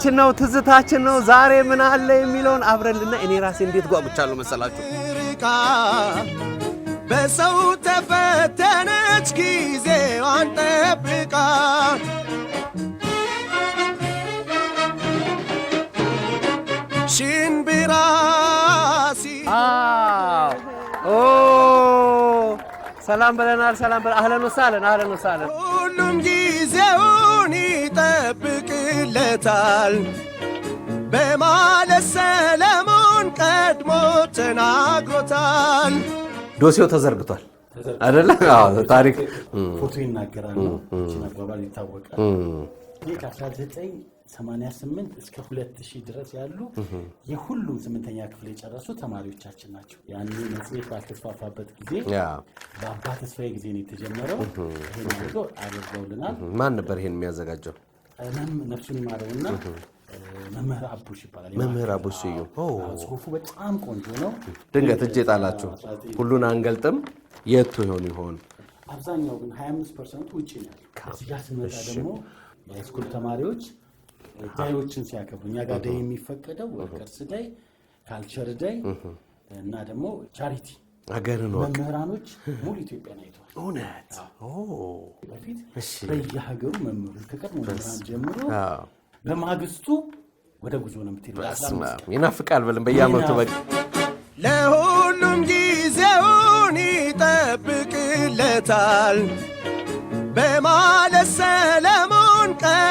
ፍቅራችን ነው፣ ትዝታችን ነው። ዛሬ ምን አለ የሚለውን አብረልና እኔ ራሴ እንዴት ጓጉቻለሁ መሰላችሁ። በሰው ተፈተነች ጊዜዋን ጠብቃ ሽንብራሲ ሰላም በለናል። ሰላም በለ አህለን ወሳለን፣ አህለን ወሳለን። ሁሉም ጊዜውን ይጠብቅ ገልጦለታል በማለት ሰለሞን ቀድሞ ተናግሮታል። ዶሴው ተዘርግቷል አይደለ? ታሪክ ፎቶ ይናገራል፣ አባባል ይታወቃል። 88 ከ1988 እስከ 2000 ድረስ ያሉ የሁሉም ስምንተኛ ክፍል የጨረሱ ተማሪዎቻችን ናቸው። ያኔ መጽሔት ባልተስፋፋበት ጊዜ በአባ ተስፋዬ ጊዜ ነው የተጀመረው። ይህን አድርገውልናል። ማን ነበር ይሄን የሚያዘጋጀው? ነፍሱን መምህር አቡሽ ይባላል። መምህር አቡሽ ጽሁፉ በጣም ቆንጆ ነው። ድንገት እጅ የጣላችሁ ሁሉን አንገልጥም። የቱ ይሆን ይሆን? አብዛኛው ግን 25 ፐርሰንቱ ውጭ ነው። ስንመጣ ደግሞ የስኩል ተማሪዎች ዳዮችን ሲያከብሩ እኛ ጋር ዳይ የሚፈቀደው ቅርስ ዳይ፣ ካልቸር ዳይ እና ደግሞ ቻሪቲ ሀገርን መምህራኖች ሙሉ ኢትዮጵያን አይተዋል። እውነት በፊት በየሀገሩ ከቀድሞ ጀምሮ በማግስቱ ወደ ጉዞ ነው ይናፍቃል በልም በ ለሁሉም ጊዜውን ይጠብቅለታል በማለት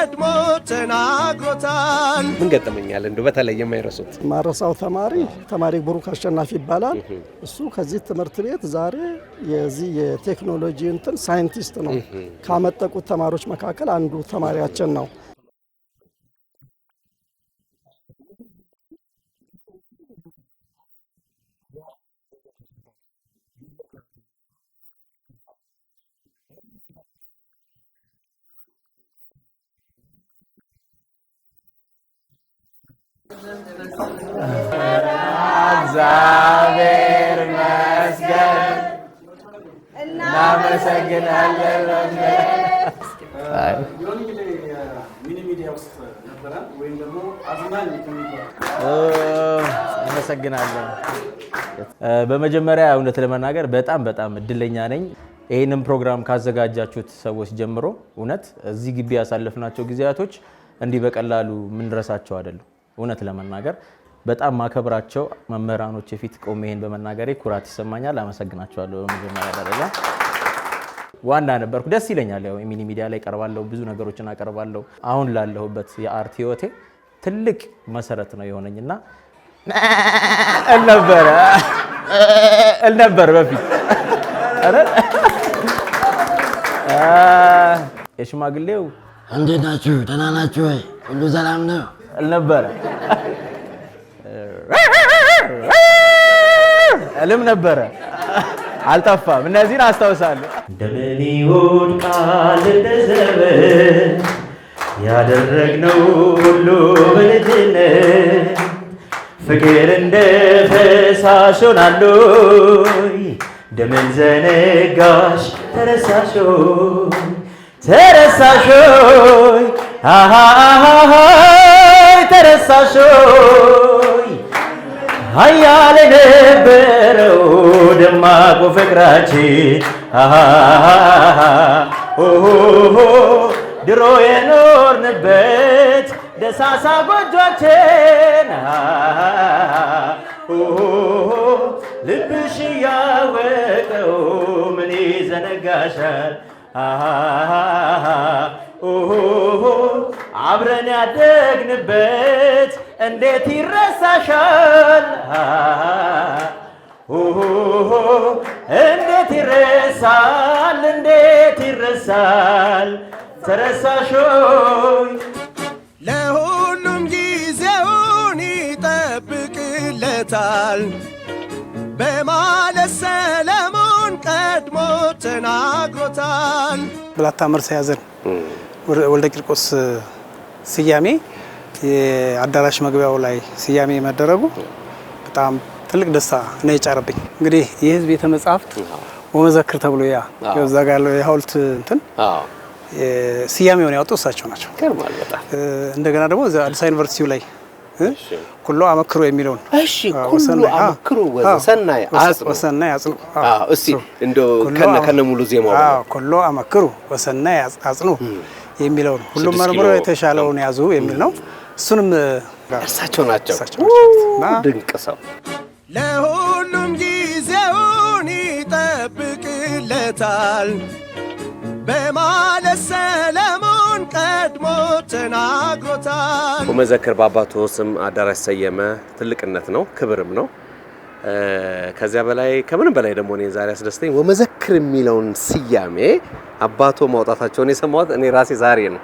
ቀድሞ ተናግሮታል። ምን ገጠመኛል እንዱ በተለይ የማይረሱት ማረሳው ተማሪ ተማሪ ብሩክ አሸናፊ ይባላል። እሱ ከዚህ ትምህርት ቤት ዛሬ የዚህ የቴክኖሎጂ እንትን ሳይንቲስት ነው። ካመጠቁት ተማሪዎች መካከል አንዱ ተማሪያችን ነው። እግዚአብሔር ይመስገን። እናመሰግናለን። በመጀመሪያ እውነት ለመናገር በጣም በጣም እድለኛ ነኝ። ይህንን ፕሮግራም ካዘጋጃችሁት ሰዎች ጀምሮ እውነት እዚህ ግቢ ያሳለፍናቸው ጊዜያቶች እንዲህ በቀላሉ የምንረሳቸው አይደለም። እውነት ለመናገር በጣም ማከብራቸው መምህራኖች የፊት ቆሜ ይሄን በመናገሬ ኩራት ይሰማኛል። አመሰግናቸዋለሁ። በመጀመሪያ ደረጃ ዋና ነበርኩ። ደስ ይለኛል። ያው ሚኒ ሚዲያ ላይ ቀርባለሁ፣ ብዙ ነገሮችን አቀርባለሁ። አሁን ላለሁበት የአርት ህይወቴ ትልቅ መሰረት ነው የሆነኝና እልነበረ እልነበር በፊት የሽማግሌው እንዴት ናችሁ? ደህና ናችሁ ወይ? ሁሉ ሰላም ነው እል ነበረ እልም ነበረ። አልጠፋም። እነዚህን አስታውሳለሁ። እንደምን ይወድቃል እንደ ዘመን ያደረግነው ሁሉ በልጅነት ፍቅር እንደ ፈሳሽ ሆናል። እንደምን ዘነጋሽ ተረሳሾይ አሃ ረሳሾይ ሀያል የነበረው ደማቁ ፍቅራችን ድሮ የኖርንበት ደሳሳ ጎጇችን ልብሽ እያወቀው ምን ይዘነጋሻል? አብረን ያደግንበት እንዴት ይረሳሻል? እንዴት ይረሳል? እንዴት ይረሳል? ተረሳሾይ ለሁሉም ጊዜውን ይጠብቅለታል በማለት ሰለሞን ቀድሞ ተናግሮታል። ብላታ መርሳ ያዘን ወልደ ቂርቆስ ስያሜ የአዳራሽ መግቢያው ላይ ስያሜ መደረጉ በጣም ትልቅ ደስታ ነው የጫረብኝ። እንግዲህ የህዝብ ቤተ መጻሕፍት ወመዘክር ተብሎ ያ እዛ ጋ ያለው የሀውልት እንትን ስያሜውን ያወጡ እሳቸው ናቸው። እንደገና ደግሞ አዲስ አበባ ዩኒቨርሲቲው ላይ ኩሎ አመክሮ የሚለውን እሺ፣ ኩሎ አመክሮ ወሰናይ አጽንኦ ወሰናይ አጽንኦ። እስቲ እንደው ከነ ከነ ሙሉ ዜማው ኩሎ አመክሮ ወሰናይ አጽንኦ የሚለው ነው። ሁሉም መርምሮ የተሻለውን ያዙ የሚል ነው። እሱንም እርሳቸው ናቸው። ድንቅ ሰው ለሁሉም ጊዜውን ይጠብቅለታል በማለት ሰለሞን ቀድሞ ተናግሮታል። ወመዘክር በአባቱ ስም አዳራሽ ሰየመ ትልቅነት ነው፣ ክብርም ነው። ከዚያ በላይ ከምንም በላይ ደግሞ እኔ ዛሬ አስደስተኝ ወመዘክር የሚለውን ስያሜ አባቶ ማውጣታቸውን የሰማሁት እኔ ራሴ ዛሬ ነው።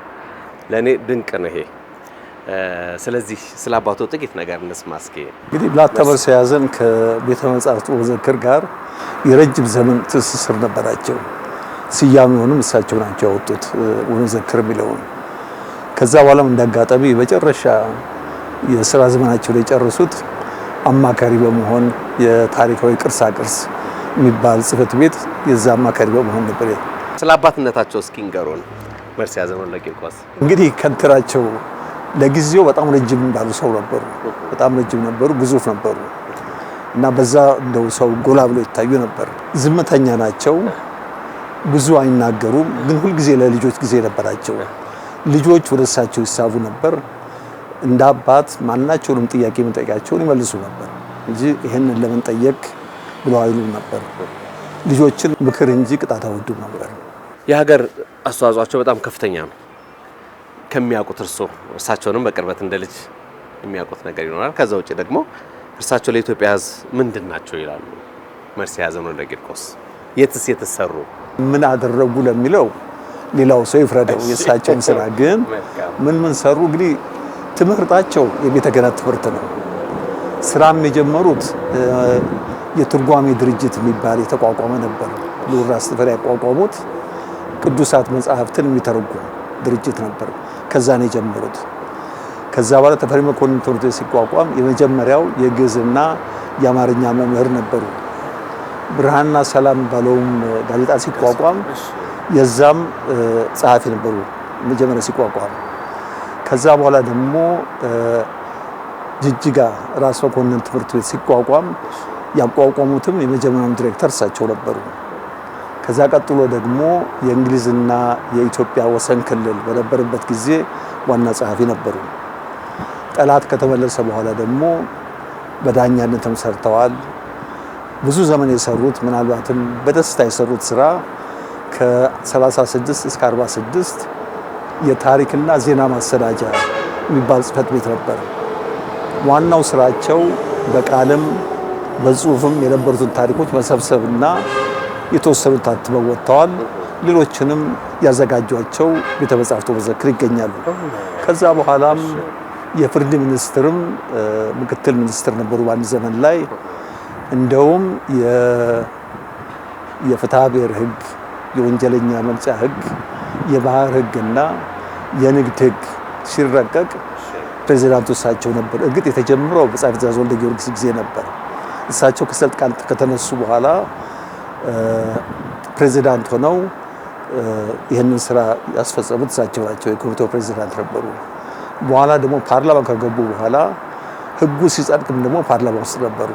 ለእኔ ድንቅ ነው ይሄ። ስለዚህ ስለ አባቶ ጥቂት ነገር እንስማ እስኪ። እንግዲህ ብላቴበር ሲያዘን ከቤተ መጻሕፍት ወዘክር ጋር የረጅም ዘመን ትስስር ነበራቸው። ስያሜውንም እሳቸው ናቸው ያወጡት ወዘክር የሚለውን። ከዛ በኋላም እንዳጋጣሚ የመጨረሻ የስራ ዘመናቸው ላይ የጨረሱት አማካሪ በመሆን የታሪካዊ ቅርሳቅርስ የሚባል ጽህፈት ቤት የዛ አማካሪ በመሆን ነበር ስለ አባትነታቸው እስኪ ንገሩን። መርሲ ያዘመን ለቂርቆስ እንግዲህ ከንትራቸው ለጊዜው በጣም ረጅም ባሉ ሰው ነበሩ። በጣም ረጅም ነበሩ፣ ግዙፍ ነበሩ እና በዛ እንደው ሰው ጎላ ብሎ ይታዩ ነበር። ዝምተኛ ናቸው፣ ብዙ አይናገሩም፣ ግን ሁልጊዜ ለልጆች ጊዜ ነበራቸው። ልጆች ወደ እሳቸው ይሳቡ ነበር። እንደ አባት ማናቸውንም ጥያቄ መጠየቃቸውን ይመልሱ ነበር እንጂ ይህንን ለምን ጠየቅ ብለው አይሉም ነበር። ልጆችን ምክር እንጂ ቅጣት አይወዱም ነበር። የሀገር አስተዋጽኦቸው በጣም ከፍተኛ ነው። ከሚያውቁት እርሶ እርሳቸውንም በቅርበት እንደ ልጅ የሚያውቁት ነገር ይኖራል። ከዛ ውጭ ደግሞ እርሳቸው ለኢትዮጵያ ሕዝብ ምንድን ናቸው ይላሉ? መርሲ ያዘነው ለቂርቆስ የትስ የተሰሩ ምን አደረጉ ለሚለው ሌላው ሰው ይፍረደው። የእሳቸውን ስራ ግን ምን ምን ሰሩ? እንግዲህ ትምህርታቸው የቤተ ክህነት ትምህርት ነው። ስራም የጀመሩት የትርጓሜ ድርጅት የሚባል የተቋቋመ ነበር። ልዑል ራስ ያቋቋሙት ቅዱሳት መጽሐፍትን የሚተረጉም ድርጅት ነበር። ከዛ ነው የጀመሩት። ከዛ በኋላ ተፈሪ መኮንን ትምህርት ቤት ሲቋቋም የመጀመሪያው የግዕዝና የአማርኛ መምህር ነበሩ። ብርሃንና ሰላም ባለውም ጋዜጣ ሲቋቋም የዛም ጸሐፊ ነበሩ መጀመሪያ ሲቋቋም። ከዛ በኋላ ደግሞ ጅጅጋ ራስ መኮንን ትምህርት ቤት ሲቋቋም ያቋቋሙትም የመጀመሪያውን ዲሬክተር እሳቸው ነበሩ። ከዛ ቀጥሎ ደግሞ የእንግሊዝና የኢትዮጵያ ወሰን ክልል በነበርበት ጊዜ ዋና ጸሐፊ ነበሩ። ጠላት ከተመለሰ በኋላ ደግሞ በዳኛነትም ሰርተዋል። ብዙ ዘመን የሰሩት ምናልባትም በደስታ የሰሩት ስራ ከ36 እስከ 46 የታሪክና ዜና ማሰዳጃ የሚባል ጽህፈት ቤት ነበር። ዋናው ስራቸው በቃልም በጽሁፍም የነበሩትን ታሪኮች መሰብሰብና የተወሰኑ ታትመው ወጥተዋል። ሌሎችንም ያዘጋጇቸው ቤተ መጻሕፍት ይገኛሉ። ከዛ በኋላም የፍርድ ሚኒስትርም ምክትል ሚኒስትር ነበሩ በአንድ ዘመን ላይ እንደውም የፍትሐ ብሔር ህግ የወንጀለኛ መቅጫ ህግ የባህር ህግና የንግድ ህግ ሲረቀቅ ፕሬዚዳንቱ እሳቸው ነበር። እርግጥ የተጀምረው በጻፊ ትእዛዝ ወልደ ጊዮርጊስ ጊዜ ነበር። እሳቸው ከስልጣን ከተነሱ በኋላ ፕሬዚዳንት ሆነው ይህንን ስራ ያስፈጸሙት እሳቸው ናቸው። የኮሚቴው ፕሬዚዳንት ነበሩ። በኋላ ደግሞ ፓርላማ ከገቡ በኋላ ህጉ ሲጸድቅም ደግሞ ፓርላማ ውስጥ ነበሩ።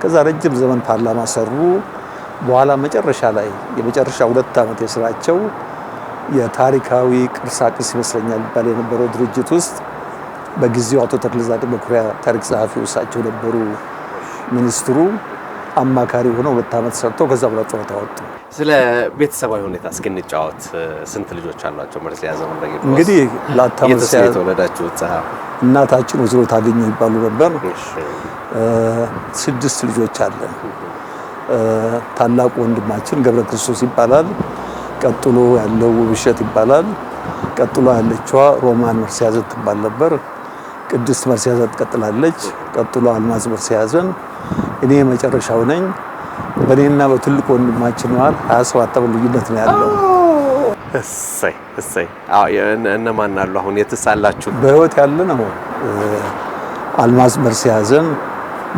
ከዛ ረጅም ዘመን ፓርላማ ሰሩ። በኋላ መጨረሻ ላይ የመጨረሻ ሁለት ዓመት የስራቸው የታሪካዊ ቅርሳቅርስ ይመስለኛል ይባል የነበረው ድርጅት ውስጥ በጊዜው አቶ ተክለጻድቅ መኩሪያ ታሪክ ጸሐፊ እሳቸው ነበሩ ሚኒስትሩ አማካሪ ሆኖ ሁለት ዓመት ሰርቶ ከዛ በኋላ ጡረታ ወጡ። ስለ ቤተሰባዊ ሁኔታ እስኪ እንጫወት። ስንት ልጆች አሏቸው? መርስ ያዘው እንግዲህ ላታመስ እናታችን ወይዘሮ ታገኘ ይባሉ ነበር። ስድስት ልጆች አለ። ታላቁ ወንድማችን ገብረ ክርስቶስ ይባላል። ቀጥሎ ያለው ውብሸት ይባላል። ቀጥሎ ያለችዋ ሮማን መርስ ያዘት ትባል ነበር። ቅድስት መርስ ያዘት ቀጥላለች። ቀጥሎ አልማዝ ሲያዘን እኔ የመጨረሻው ነኝ። በእኔና በትልቁ ወንድማችን መሀል 27 ዓመት ልዩነት ነው ያለው። እሰይ እሰይ። አዎ እነማን አሉ አሁን? የትስ አላችሁ? በህይወት ያለ ነው አልማዝ ያዘን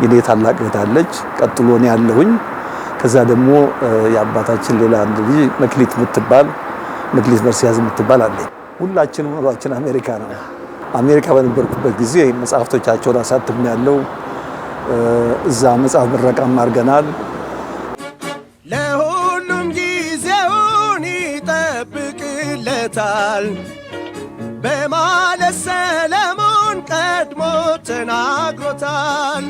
የኔ ታላቅ እህት አለች። ቀጥሎ እኔ ያለሁኝ። ከዛ ደግሞ የአባታችን ሌላ አንድ ልጅ መክሊት የምትባል መክሊት መርሲያዝ የምትባል አለኝ። ሁላችንም ኑሯችን አሜሪካ ነው። አሜሪካ በነበርኩበት ጊዜ መጽሐፍቶቻቸውን አሳትም ያለው እዛ መጽሐፍ ምረቃም አድርገናል። ለሁሉም ጊዜውን ይጠብቅለታል በማለት ሰለሞን ቀድሞ ተናግሮታል።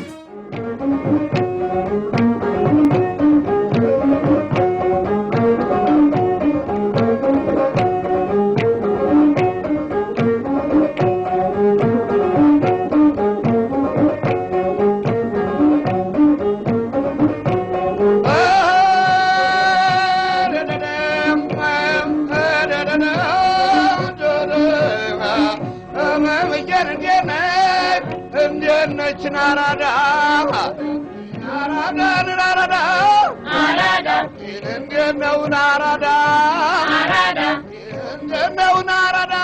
ዘርጌነት እንዴት ነች ናራዳ ናራዳ ናራዳ ናራዳ እንዴት ናራዳ ናራዳ እንዴት ናራዳ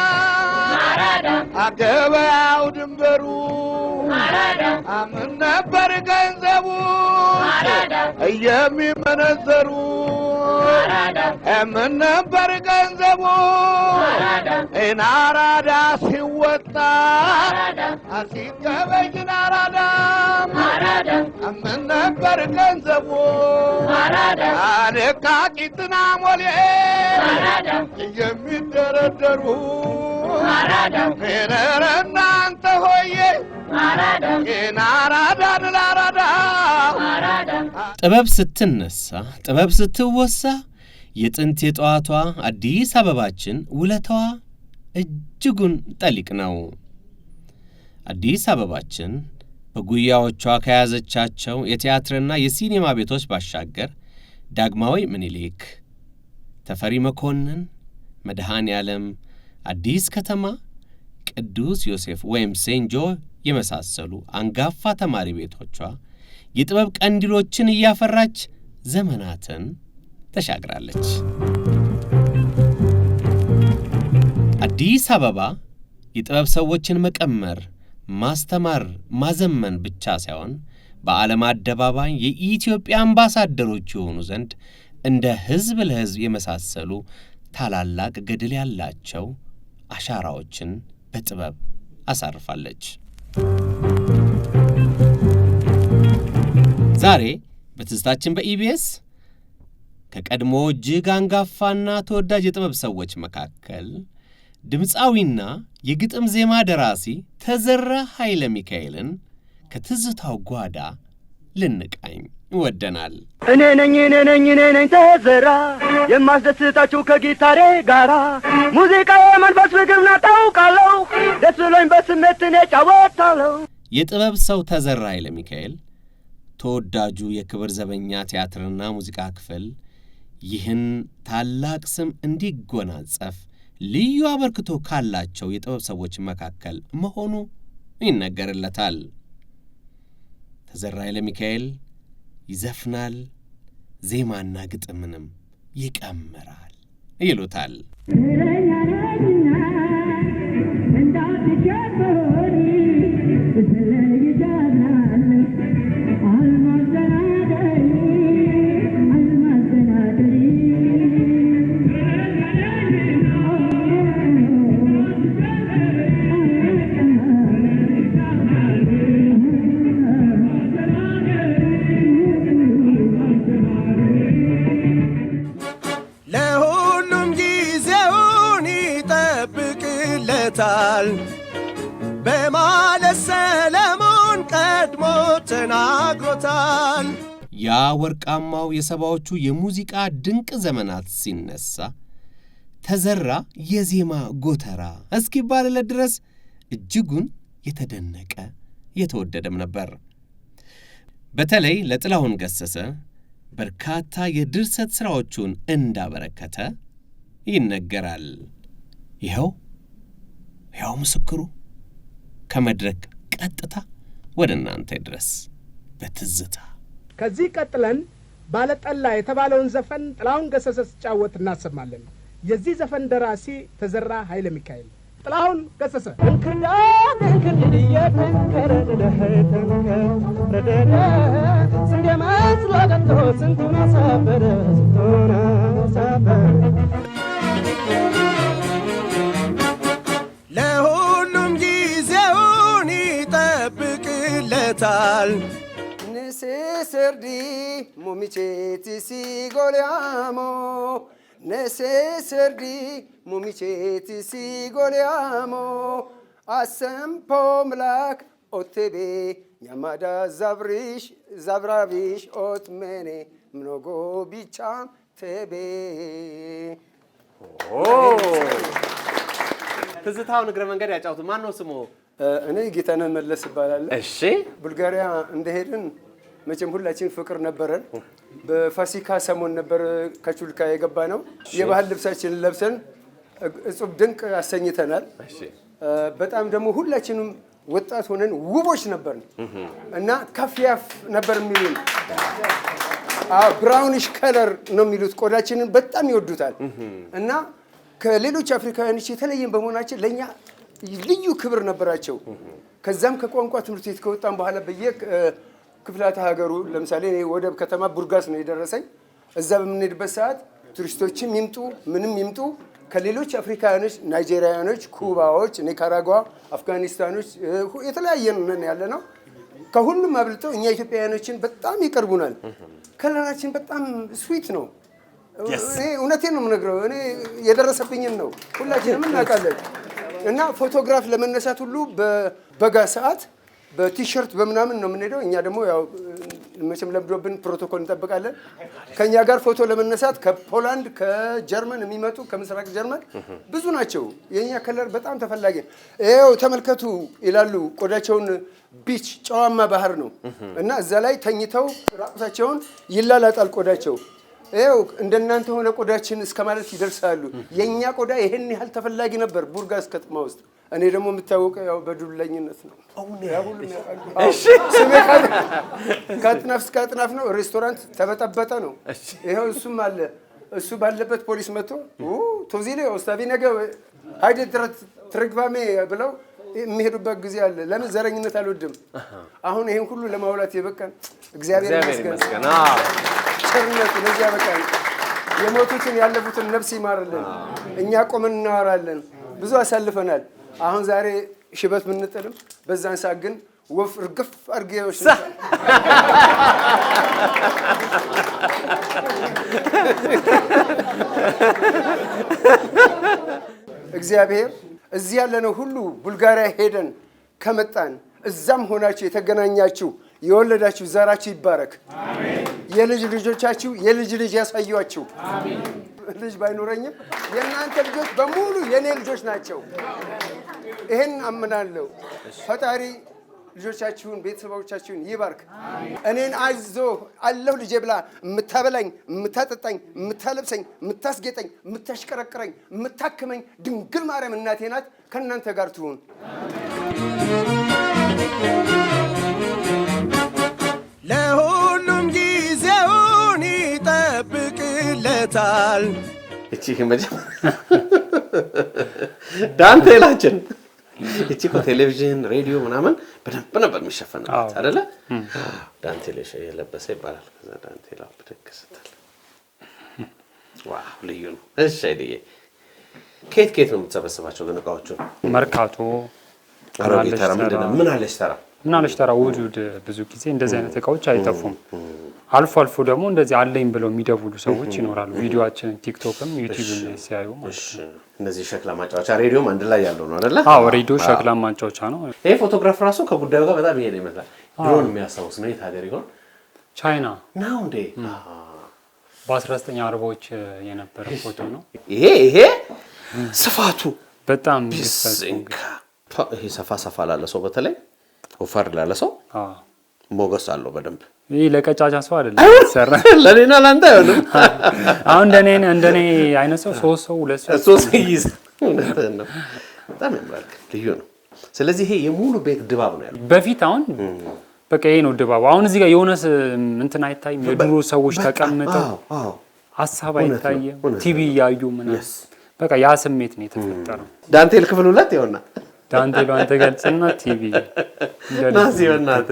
ናራዳ አገበያው ድንበሩ ናራዳ አምን ነበር ገንዘቡ የሚመነዘሩ ምን ነበር ገንዘቡ ናራዳ ሲወጣ ሲገበጅ ናራዳ ምን ነበር ገንዘቡ ልካቂትና ሞሌ የሚደረደሩ ፌረረ እናንተ ሆዬ ናራ ጥበብ ስትነሳ ጥበብ ስትወሳ የጥንት የጠዋቷ አዲስ አበባችን ውለታዋ እጅጉን ጠሊቅ ነው። አዲስ አበባችን በጉያዎቿ ከያዘቻቸው የቲያትርና የሲኔማ ቤቶች ባሻገር ዳግማዊ ምኒልክ፣ ተፈሪ መኮንን፣ መድኃኔ ዓለም፣ አዲስ ከተማ፣ ቅዱስ ዮሴፍ ወይም ሴንጆ የመሳሰሉ አንጋፋ ተማሪ ቤቶቿ የጥበብ ቀንዲሎችን እያፈራች ዘመናትን ተሻግራለች። አዲስ አበባ የጥበብ ሰዎችን መቀመር፣ ማስተማር፣ ማዘመን ብቻ ሳይሆን በዓለም አደባባይ የኢትዮጵያ አምባሳደሮች የሆኑ ዘንድ እንደ ሕዝብ ለሕዝብ የመሳሰሉ ታላላቅ ገድል ያላቸው አሻራዎችን በጥበብ አሳርፋለች። ዛሬ በትዝታችን በኢቢኤስ ከቀድሞ እጅግ አንጋፋና ተወዳጅ የጥበብ ሰዎች መካከል ድምፃዊና የግጥም ዜማ ደራሲ ተዘራ ኃይለ ሚካኤልን ከትዝታው ጓዳ ልንቃኝ ይወደናል። እኔ ነኝ እኔ ነኝ እኔ ነኝ ተዘራ የማስደስታችሁ ከጊታሬ ጋራ ሙዚቃ የመንፈስ ምግብ ነው ደስ ብሎኝ በስሜት እኔ ጫወታለሁ። የጥበብ ሰው ተዘራ ኃይለ ሚካኤል ተወዳጁ የክብር ዘበኛ ቲያትርና ሙዚቃ ክፍል ይህን ታላቅ ስም እንዲጎናጸፍ ልዩ አበርክቶ ካላቸው የጥበብ ሰዎች መካከል መሆኑ ይነገርለታል። ተዘራ ኃይለ ሚካኤል ይዘፍናል፣ ዜማና ግጥምንም ይቀምራል ይሉታል። ይነግርለታል በማለት ሰለሞን ቀድሞ ተናግሮታል። ያ ወርቃማው የሰባዎቹ የሙዚቃ ድንቅ ዘመናት ሲነሳ ተዘራ የዜማ ጎተራ እስኪባልለት ድረስ እጅጉን የተደነቀ የተወደደም ነበር። በተለይ ለጥላሁን ገሰሰ በርካታ የድርሰት ሥራዎቹን እንዳበረከተ ይነገራል። ይኸው ሕያው ምስክሩ ከመድረክ ቀጥታ ወደ እናንተ ድረስ በትዝታ ከዚህ ቀጥለን ባለጠላ የተባለውን ዘፈን ጥላሁን ገሰሰ ሲጫወት እናሰማለን። የዚህ ዘፈን ደራሲ ተዘራ ኃይለ ሚካኤል። ጥላሁን ገሰሰ እንክርዳንክርድየተንከረድለህተንከረደ ስንዴ መስሎ ቀጥሮ ስንቱን አሳበደ ይላል። ነሴሰርዲ ሙሚቼቲ ሲጎልያሞ ነሴሰርዲ ሙሚቼቲ ሲጎልያሞ አሰምፖ ምላክ ኦቴቤ ኛማዳ ዛብሪሽ ዛብራቢሽ ኦትሜኔ ምኖጎ ቢቻ ቴቤ ትዝታውን እግረ መንገድ ያጫውቱ ማን ነው ስሙ? እኔ ጌታነህ መለስ እባላለሁ። እሺ ቡልጋሪያ እንደሄድን መቼም ሁላችን ፍቅር ነበረን። በፋሲካ ሰሞን ነበር ከቹልካ የገባ ነው። የባህል ልብሳችንን ለብሰን እጹብ ድንቅ አሰኝተናል። በጣም ደግሞ ሁላችንም ወጣት ሆነን ውቦች ነበርን እና ከፍያፍ ነበር የሚሉን ብራውኒሽ ከለር ነው የሚሉት። ቆዳችንን በጣም ይወዱታል እና ከሌሎች አፍሪካውያኖች የተለየን በመሆናችን ለእኛ ልዩ ክብር ነበራቸው። ከዛም ከቋንቋ ትምህርት ቤት ከወጣን በኋላ በየ ሀገሩ ለምሳሌ ወደብ ከተማ ቡርጋስ ነው የደረሰኝ። እዛ በምንሄድበት ሰዓት ቱሪስቶችም ይምጡ ምንም ይምጡ ከሌሎች አፍሪካውያኖች፣ ናይጄሪያኖች፣ ኩባዎች፣ ኒካራጓ፣ አፍጋኒስታኖች የተለያየ ምን ያለ ነው። ከሁሉም አብልጦ እኛ ኢትዮጵያውያኖችን በጣም ይቀርቡናል። ከለራችን በጣም ስዊት ነው። እውነቴን ነው የምነግረው። እኔ የደረሰብኝን ነው። ሁላችንም እናውቃለን። እና ፎቶግራፍ ለመነሳት ሁሉ በበጋ ሰዓት በቲሸርት በምናምን ነው የምንሄደው። እኛ ደግሞ ያው መቼም ለምዶብን ፕሮቶኮል እንጠብቃለን። ከእኛ ጋር ፎቶ ለመነሳት ከፖላንድ ከጀርመን የሚመጡ ከምስራቅ ጀርመን ብዙ ናቸው። የእኛ ከለር በጣም ተፈላጊ ው ተመልከቱ ይላሉ። ቆዳቸውን ቢች ጨዋማ ባህር ነው እና እዛ ላይ ተኝተው ራቁታቸውን ይላላጣል ቆዳቸው ይኸው እንደናንተ የሆነ ቆዳችን እስከ ማለት ይደርሳሉ። የእኛ ቆዳ ይሄን ያህል ተፈላጊ ነበር ቡርጋስ ከተማ ውስጥ። እኔ ደግሞ የምታወቀው ያው በዱለኝነት ነው። ስሜ ከአጥናፍ እስከ አጥናፍ ነው። ሬስቶራንት ተበጠበጠ ነው። ይኸው እሱም አለ። እሱ ባለበት ፖሊስ መጥቶ ቶዚሌ ኦስታቪ ነገ ሀይደ ትረግባሜ ብለው የሚሄዱበት ጊዜ አለ። ለምን ዘረኝነት አልወድም። አሁን ይህን ሁሉ ለማውላት የበቃን እግዚአብሔር ይመስገን፣ ቸርነቱ ለዚህ ያበቃን። የሞቱትን ያለፉትን ነፍስ ይማርልን። እኛ ቆምን እናወራለን፣ ብዙ አሳልፈናል። አሁን ዛሬ ሽበት ብንጥልም በዛን ሰዓት ግን ወፍ እርግፍ አርጌዎች እግዚአብሔር እዚህ ያለነው ሁሉ ቡልጋሪያ ሄደን ከመጣን እዛም ሆናችሁ የተገናኛችሁ የወለዳችሁ ዘራችሁ ይባረክ። የልጅ ልጆቻችሁ የልጅ ልጅ ያሳዩአችሁ። ልጅ ባይኖረኝም የእናንተ ልጆች በሙሉ የእኔ ልጆች ናቸው። ይህን አምናለሁ ፈጣሪ ልጆቻችሁን፣ ቤተሰቦቻችሁን ይባርክ። እኔን አይዞ አለሁ ልጄ ብላ የምታበላኝ፣ የምታጠጣኝ፣ የምታለብሰኝ፣ የምታስጌጠኝ፣ የምታሽቀረቅረኝ፣ የምታክመኝ ድንግል ማርያም እናቴ ናት። ከእናንተ ጋር ትሁን። ለሁሉም ጊዜውን ይጠብቅለታል። እቺ ዳንቴላችን እቺ እኮ ቴሌቪዥን፣ ሬዲዮ ምናምን በደንብ ነበር የሚሸፈንበት አደለ ዳንቴል የለበሰ ይባላል። ከዛ ዳንቴል ብድግ ስትል ልዩ ነው። እሺ አይደዬ፣ ከየት ከየት ነው የምትሰበስባቸው ግን እቃዎቹ? መርካቶ፣ አሮጌ ተራ ምን አለች ተራ ምናለች ተራ ውድ ብዙ ጊዜ እንደዚህ አይነት እቃዎች አይጠፉም። አልፎ አልፎ ደግሞ እንደዚህ አለኝ ብለው የሚደውሉ ሰዎች ይኖራሉ። ቪዲዮችን ቲክቶክም ዩቲዩብ ሲያዩ እነዚህ ሸክላ ማጫወቻ ሬዲዮም አንድ ላይ ያለው ነው አይደለ? አዎ ሬዲዮ ሸክላ ማጫወቻ ነው። ይሄ ፎቶግራፍ ራሱ ከጉዳዩ ጋር በጣም ይሄድ ይመስላል። ድሮን የሚያስታውስ ነው። የት ሀገር ይሆን? ቻይና ነው እንዴ? በ19 አርባዎች የነበረ ፎቶ ነው ይሄ። ይሄ ስፋቱ በጣም ይሄ ሰፋ ሰፋ ላለ ሰው በተለይ ወፈር ላለ ሰው ሞገስ አለው በደንብ። ይህ ለቀጫጫ ሰው አይደለም ሰራ አይሆንም። አሁን እንደኔ እንደኔ አይነት ሰው ሶስት ሰው ሁለት ሰው በጣም ያምራል። ልዩ ነው። ስለዚህ ይሄ የሙሉ ቤት ድባብ ነው ያለው። በፊት አሁን በቃ ይሄ ነው ድባቡ። አሁን እዚህ ጋር የሆነ እንትን አይታይም። የድሮ ሰዎች ተቀምጠው ሀሳብ አይታየም። ቲቪ እያዩ ምናምን በቃ ያ ስሜት ነው የተፈጠረው። ዳንቴል ክፍል ሁለት ይሆናል ዳንቴሎ አንተ ገልጽና ቲቪ ናዚዮናት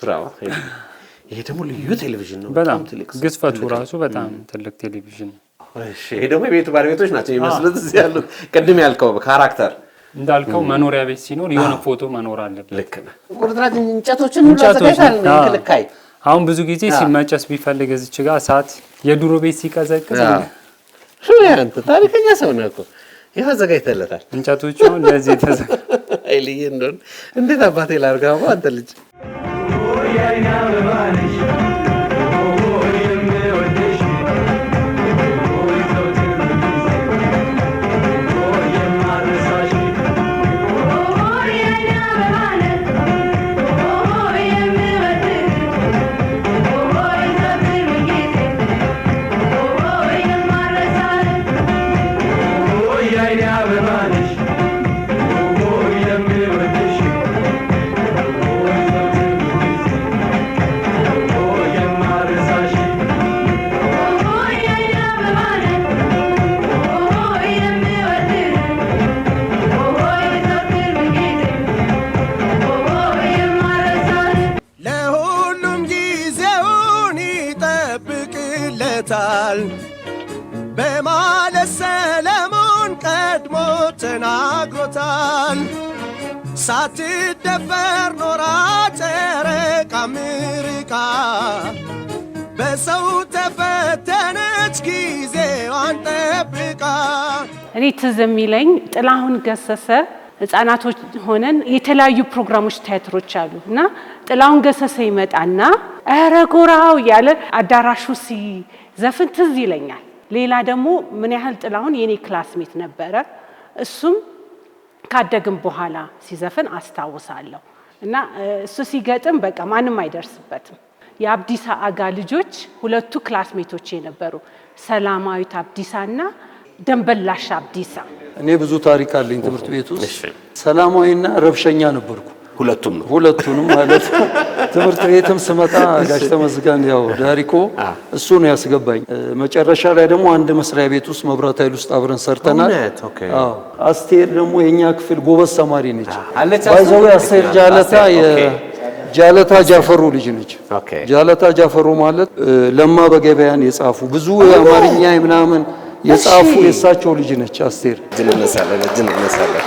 ብራማ ይሄ ደግሞ ልዩ ቴሌቪዥን ነው። በጣም ግዝፈቱ ራሱ በጣም ትልቅ ቴሌቪዥን ነው። ይሄ ደግሞ የቤቱ ባለቤቶች ናቸው የሚመስሉት እዚህ ያሉት። ቅድም ያልከው ካራክተር እንዳልከው መኖሪያ ቤት ሲኖር የሆነ ፎቶ መኖር አለበት። ልክ ነህ። ቁርጥራጭ እንጨቶችን ሁሉ አዘጋጅታል። አሁን ብዙ ጊዜ ሲመጨስ ቢፈልግ እዚች ጋር እሳት የድሮ ቤት ሲቀዘቅዝ ታሪከኛ ሰው ነው እኮ ይህ አዘጋጅተለታል። እንጨቶቹ እንደዚህ ተዘ አይልዬ እንደሆነ እንዴት አባቴ ላርጋ አንተ ልጅ መልካም ርቃ በሰው ተፈተነች ጊዜዋን ጠብቃ። እኔ ትዝ የሚለኝ ጥላሁን ገሰሰ ህጻናቶች ሆነን የተለያዩ ፕሮግራሞች ቲያትሮች አሉ እና ጥላሁን ገሰሰ ይመጣና እረ ጎራው እያለ አዳራሹ ሲዘፍን ትዝ ይለኛል። ሌላ ደግሞ ምን ያህል ጥላሁን የኔ ክላስሜት ነበረ። እሱም ካደግን በኋላ ሲዘፍን አስታውሳለሁ። እና እሱ ሲገጥም በቃ ማንም አይደርስበትም። የአብዲሳ አጋ ልጆች ሁለቱ ክላስሜቶች የነበሩ ሰላማዊት አብዲሳ እና ደንበላሽ አብዲሳ። እኔ ብዙ ታሪክ አለኝ ትምህርት ቤት ውስጥ ሰላማዊና ረብሸኛ ነበርኩ። ሁለቱም ነው። ሁለቱንም ማለት ትምህርት ቤትም ስመጣ ጋሽ ተመስገን ያው ዳሪኮ እሱ ነው ያስገባኝ። መጨረሻ ላይ ደግሞ አንድ መስሪያ ቤት ውስጥ መብራት ኃይል ውስጥ አብረን ሰርተናል። አስቴር ደግሞ የእኛ ክፍል ጎበዝ ተማሪ ነች። ባይዘዌ አስቴር ጃለታ ጃለታ ጃፈሩ ልጅ ነች። ጃለታ ጃፈሩ ማለት ለማ በገበያን የጻፉ ብዙ የአማርኛ ምናምን የጻፉ የእሳቸው ልጅ ነች አስቴር። እጅ እንነሳለን፣ እጅ እንነሳለን።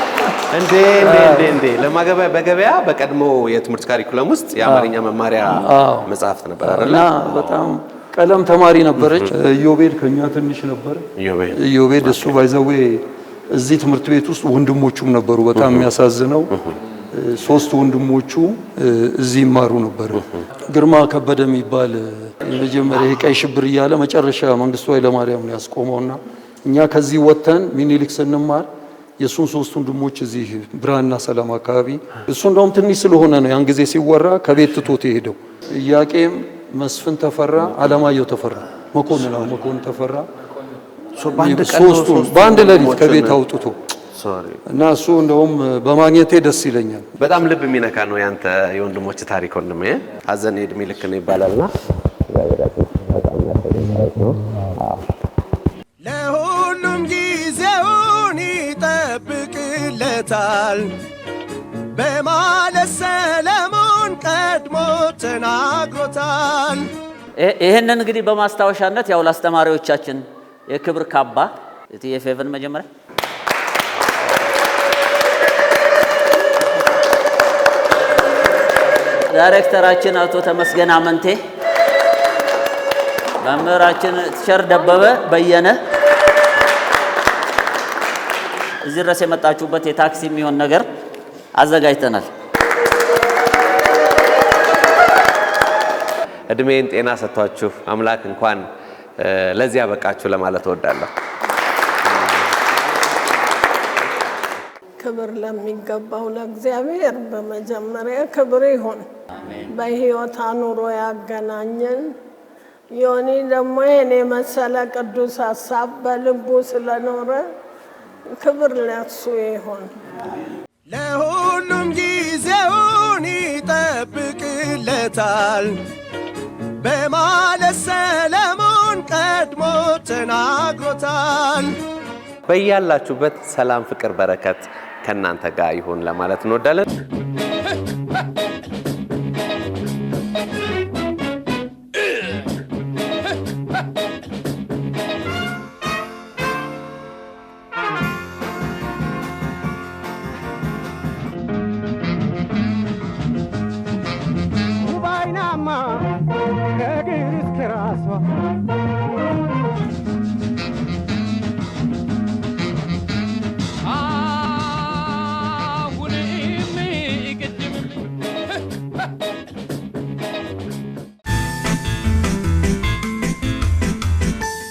እንዴ እንዴ እንዴ እንዴ ለማገበያ በገበያ በቀድሞ የትምህርት ካሪኩለም ውስጥ የአማርኛ መማሪያ መጽሐፍት ነበር አይደል? በጣም ቀለም ተማሪ ነበረች። ኢዮቤድ ከኛ ትንሽ ነበር። ኢዮቤድ እሱ ባይዘዌ እዚህ ትምህርት ቤት ውስጥ ወንድሞቹም ነበሩ። በጣም የሚያሳዝነው ሶስት ወንድሞቹ እዚህ ይማሩ ነበር። ግርማ ከበደ የሚባል የመጀመሪያ የቀይ ሽብር እያለ መጨረሻ መንግስቱ ኃይለማርያም ነው ያስቆመውና እኛ ከዚህ ወጥተን ሚኒሊክ ስንማር የእሱን ሶስት ወንድሞች እዚህ ብርሃንና ሰላም አካባቢ እሱ እንደውም ትንሽ ስለሆነ ነው ያን ጊዜ ሲወራ ከቤት ትቶት የሄደው። እያቄም፣ መስፍን ተፈራ፣ አለማየሁ ተፈራ፣ መኮንን መኮንን ተፈራ ሶስቱን በአንድ ሌሊት ከቤት አውጥቶ እና እሱ እንደውም በማግኘቴ ደስ ይለኛል። በጣም ልብ የሚነካ ነው ያንተ የወንድሞች ታሪክ። ወንድሜ ሀዘን የእድሜ ልክ ነው ይባላልና ለሁሉም ጊዜውን ይጠብቅለታል በማለት ሰለሞን ቀድሞ ተናግሮታል። ይህንን እንግዲህ በማስታወሻነት ያው ለአስተማሪዎቻችን የክብር ካባ የፌቨን መጀመሪያ ዳይሬክተራችን አቶ ተመስገን አመንቴ፣ መምህራችን ቲቸር ደበበ በየነ እዚህ ድረስ የመጣችሁበት የታክሲ የሚሆን ነገር አዘጋጅተናል። እድሜን ጤና ሰጥቷችሁ አምላክ እንኳን ለዚህ ያበቃችሁ ለማለት እወዳለሁ። ክብር ለሚገባው ለእግዚአብሔር በመጀመሪያ ክብር ይሁን። በህይወት አኑሮ ያገናኘን። ዮኒ ደግሞ የኔ መሰለ ቅዱስ ሀሳብ በልቡ ስለኖረ ክብር ለሱ ይሆን። ለሁሉም ጊዜውን ይጠብቅለታል በማለት ሰለሞን ቀድሞ ተናግሮታል። በያላችሁበት ሰላም፣ ፍቅር፣ በረከት ከእናንተ ጋር ይሁን ለማለት እንወዳለን።